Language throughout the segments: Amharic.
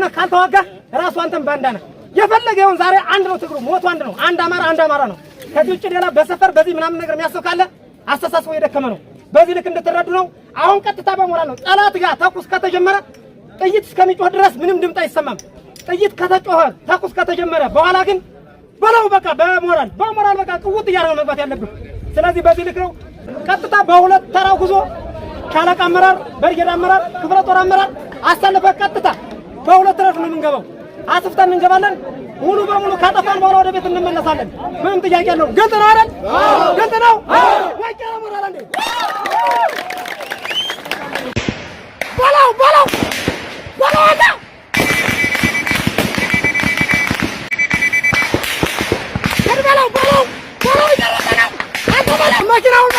ነህ ካልተዋጋ ራሱ አንተም ባንዳ ነህ። የፈለገውን ዛሬ አንድ ነው ትግሩ፣ ሞቱ አንድ ነው። አንድ አማራ አንድ አማራ ነው። ከዚህ ውጭ ሌላ በሰፈር በዚህ ምናምን ነገር የሚያሰው ካለ አስተሳስቦ የደከመ ነው። በዚህ ልክ እንድትረዱ ነው። አሁን ቀጥታ በሞራል ነው ጠላት ጋር ተኩስ ከተጀመረ ጥይት እስከሚጮህ ድረስ ምንም ድምፅ አይሰማም። ጥይት ከተጮኸ ተኩስ ከተጀመረ በኋላ ግን በለው በቃ በሞራል በሞራል በቃ ቅውጥ እያደረገ መግባት ያለብህ። ስለዚህ በዚህ ልክ ነው ቀጥታ በሁለት ተራ ጉዞ ሻለቃ አመራር፣ ብርጌድ አመራር፣ ክፍለ ጦር አመራር አሳልፈህ ቀጥታ በሁለት ረድፍ ነው የምንገባው። አስፍተን እንገባለን። ሙሉ በሙሉ ካጠፋን በኋላ ወደ ቤት እንመለሳለን። ምንም ጥያቄ ያለው ግልጽ ነው አይደል? ግልጽ ነው ወቄ እንዴ! በለው በለው በለው መኪናውን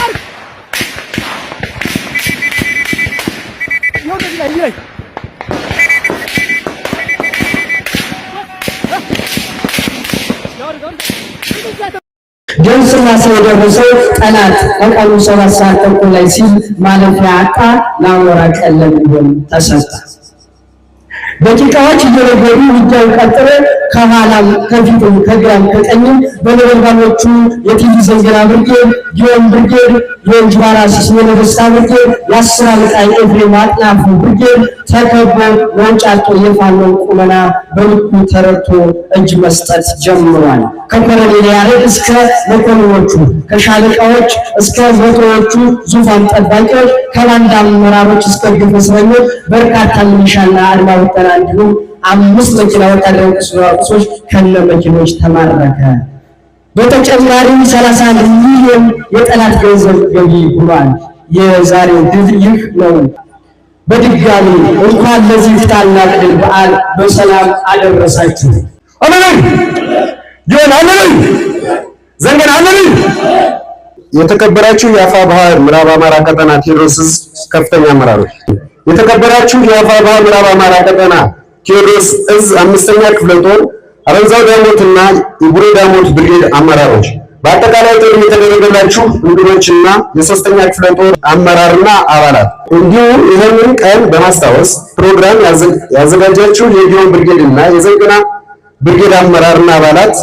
ደም ስላሴ የደረሰው ጠላት ከቀኑ ሰባት ሰዓት ተኩል ላይ ሲል ማለፊያ አጣ ለአሞራ ቀለብ እንዲሆን ተሰጣ። በጭቃዎች እየረገዱ ውጊያውን ቀጥለው ከኋላም ከፊትም ከግራም ከቀኝም በነበልባሎቹ የቲቪ ዘንገና ብርጌድ፣ ጊዮን ብርጌድ፣ የእንጅባራ ስስሜ ነገስታ ብርጌድ፣ የአስር አለቃይ ኤፍሬም አጥናፉ ብርጌድ ተከቦ ወንጫጦ የፋኖን ቁመና በልኩ ተረድቶ እጅ መስጠት ጀምሯል። ከኮሎኔል ያሬድ እስከ መኮንኖቹ፣ ከሻለቃዎች እስከ መቶዎቹ ዙፋን ጠባቂዎች፣ ከባንዳ አመራሮች እስከ ግፍ እስረኞች በርካታ ሚሊሻና አድማ እንደገና እንዲሁም አምስት መኪና ወታደራዊ ቁሳቁሶች ከነ መኪኖች ተማረከ። በተጨማሪም 30 ሚሊዮን የጠላት ገንዘብ ገቢ ብሏል። የዛሬ ድል ይህ ነው። በድጋሚ እንኳን ለዚህ ታላቅ ድል በዓል በሰላም አደረሳችሁ። አሜን ይሁን። አሜን ዘንገን አሜን። የተከበራችሁ የአፋ ባህር ምዕራብ አማራ ቀጠና ቴዎድሮስ ከፍተኛ አመራሮች የተከበራችሁ የአፋባ ምዕራብ አማራ ቀጠና ቴዎድሮስ እዝ አምስተኛ ክፍለ ጦር ዳሞት እና የቡሬ ዳሞት ብርጌድ አመራሮች፣ በአጠቃላይ ጥሪ የተደረገላችሁ እና የሶስተኛ ክፍለ ጦር አመራርና አባላት እንዲሁም ይህንን ቀን በማስታወስ ፕሮግራም ያዘጋጃችሁ የጊዮን ብርጌድ እና የዘንግና ብርጌድ አመራርና አባላት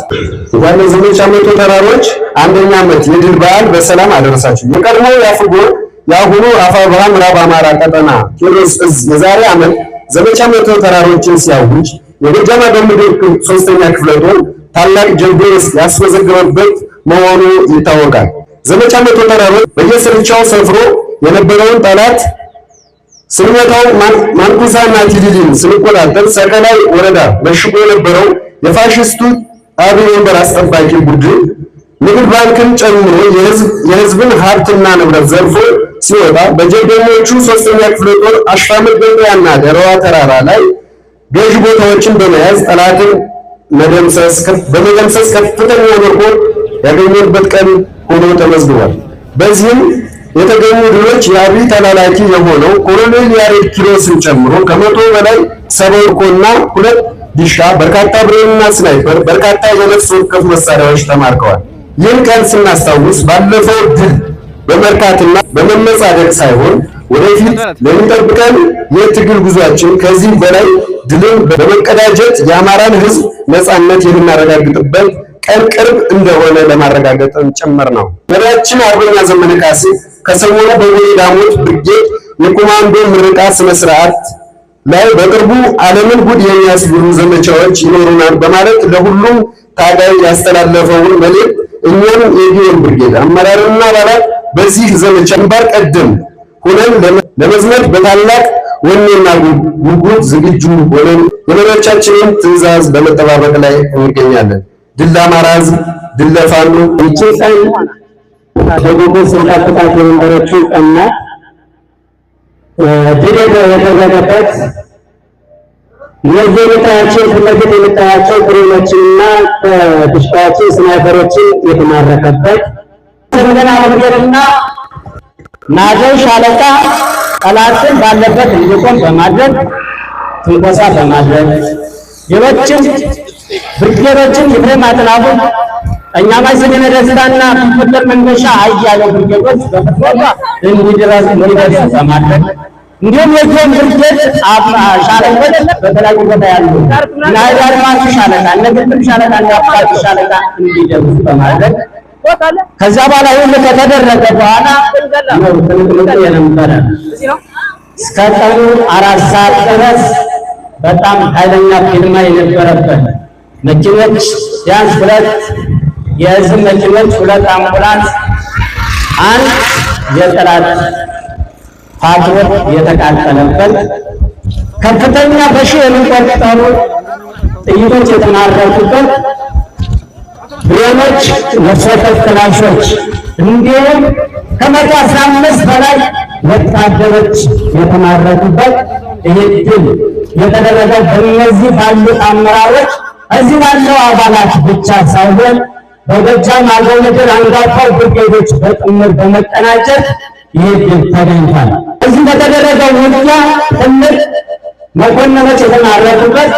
እንኳን ለዘመቻ መቶ ተራሮች አንደኛ ዓመት የድል በዓል በሰላም አደረሳችሁ። የቀድሞ የአፍጎር የአሁኑ አፋ ብርሃን ምዕራብ አማራ ቀጠና ቴዎድሮስ እዝ የዛሬ ዓመት ዘመቻ መቶ ተራሮችን ሲያውጅ የጎጃም አገው ሶስተኛ ክፍለ ጦር ታላቅ ጀንዴስ ያስመዘገበበት መሆኑ ይታወቃል። ዘመቻ መቶ ተራሮች በየስርቻው ሰፍሮ የነበረውን ጠላት ስንመታው ማንኩሳና ቲሊሊን ስንቆጣጠር ሰከላይ ወረዳ መሽጎ የነበረው የፋሽስቱ አብይ ወንበር አስጠባቂ ቡድን ንግድ ባንክን ጨምሮ የህዝብን ሀብትና ንብረት ዘርፎ ሲወጣ በጀደኞቹ ሶስተኛ ክፍለ ጦር አሽፋምድ ገበያና ደረዋ ተራራ ላይ ገዥ ቦታዎችን በመያዝ ጠላትን በመደምሰስ ከፍተኛ ወርቆ ያገኘበት ቀን ሆኖ ተመዝግቧል። በዚህም የተገኙ ድሎች የአብይ ተላላኪ የሆነው ኮሎኔል ያሬድ ኪሮስን ጨምሮ ከመቶ በላይ ሰባ ሁለት ዲሻ፣ በርካታ ብሬንና ስናይፐር፣ በርካታ የነፍስ ወከፍ መሳሪያዎች ተማርከዋል። ይህን ቀን ስናስታውስ ባለፈው ድል በመርካትና በመመጻደቅ ሳይሆን ወደፊት ለሚጠብቀን የትግል ጉዟችን ከዚህ በላይ ድልን በመቀዳጀት የአማራን ሕዝብ ነጻነት የምናረጋግጥበት ቀን ቅርብ እንደሆነ ለማረጋገጥን ጭምር ነው። መሪያችን አርበኛ ዘመነ ካሴ ከሰሞኑ በቦሌ ዳሞት ብርጌድ የኮማንዶ ምርቃ ስነስርዓት ላይ በቅርቡ ዓለምን ጉድ የሚያስብሉ ዘመቻዎች ይኖሩናል በማለት ለሁሉም ታጋይ ያስተላለፈውን መልእክት እኛም የጊዮን ብርጌድ አመራርና አባላት በዚህ ዘመቻ ግንባር ቀደም ሆነን ለመዝመት በታላቅ ወኔና ጉጉት ዝግጁ ሆነን የመሪዎቻችንን ትዕዛዝ በመጠባበቅ ላይ እንገኛለን። ድል ለአማራ ሕዝብ፣ ድል ለፋኖ። ይቺ ቀን በጉጉት ስንጠብቃት የነበረችው ቀን ድል የተደረገበት የዘመቻችን ፍለፊት የምታያቸው ድሮኖችንና በድሽቃዎችን ስናይፈሮችን የተማረከበት ዘመና ብርጌድና ናጀው ሻለቃ ጠላትን ባለበት እንዲቆም በማድረግ ትንኮሳ በማድረግ ሌሎችም ብርጌዶችም ይፍሬም አጥናፉ ጠኛማች ስሜነ ደስታና ቁጥር መነሻ አያሌው ብርጌዶች በፍትወቷ እንዲደረስ እንዲደርስ በማድረግ እንዲሁም የዞን ብርጌድ ሻለቆች በተለያዩ ቦታ ያሉ ናይዳርማቱ ሻለቃ እነ ሻለቃ እና ሻለቃ እንዲደርሱ በማድረግ ከዛ በኋላ ሁሉ ከተደረገ በኋላ እስከ ቀኑ አራት ሰዓት ድረስ በጣም ኃይለኛ ፊልማ የነበረበት መኪኖች ቢያንስ ሁለት የህዝብ መኪኖች፣ ሁለት አምቡላንስ፣ አንድ የጠላት ፓትሮል የተቃጠለበት ከፍተኛ በሺ የሚቆጠሩ ጥይቶች የተማረኩበት ሌሎች ነፍሰጡር ክላሾች እንዲሁም ከመቶ አስራ አምስት በላይ ወታደሮች የተማረኩበት ይህ ድል የተደረገው በእነዚህ ባሉት አመራሮች እዚህ ባለው አባላት ብቻ ሳይሆን በጎጃም አገው ምድር አንጋፋው ብርጌዶች በጥምር በመቀናጀት ይህ ድል ተገኝቷል። እዚህ በተደረገው ውጊያ ትልቅ መኮንኖች የተማረኩበት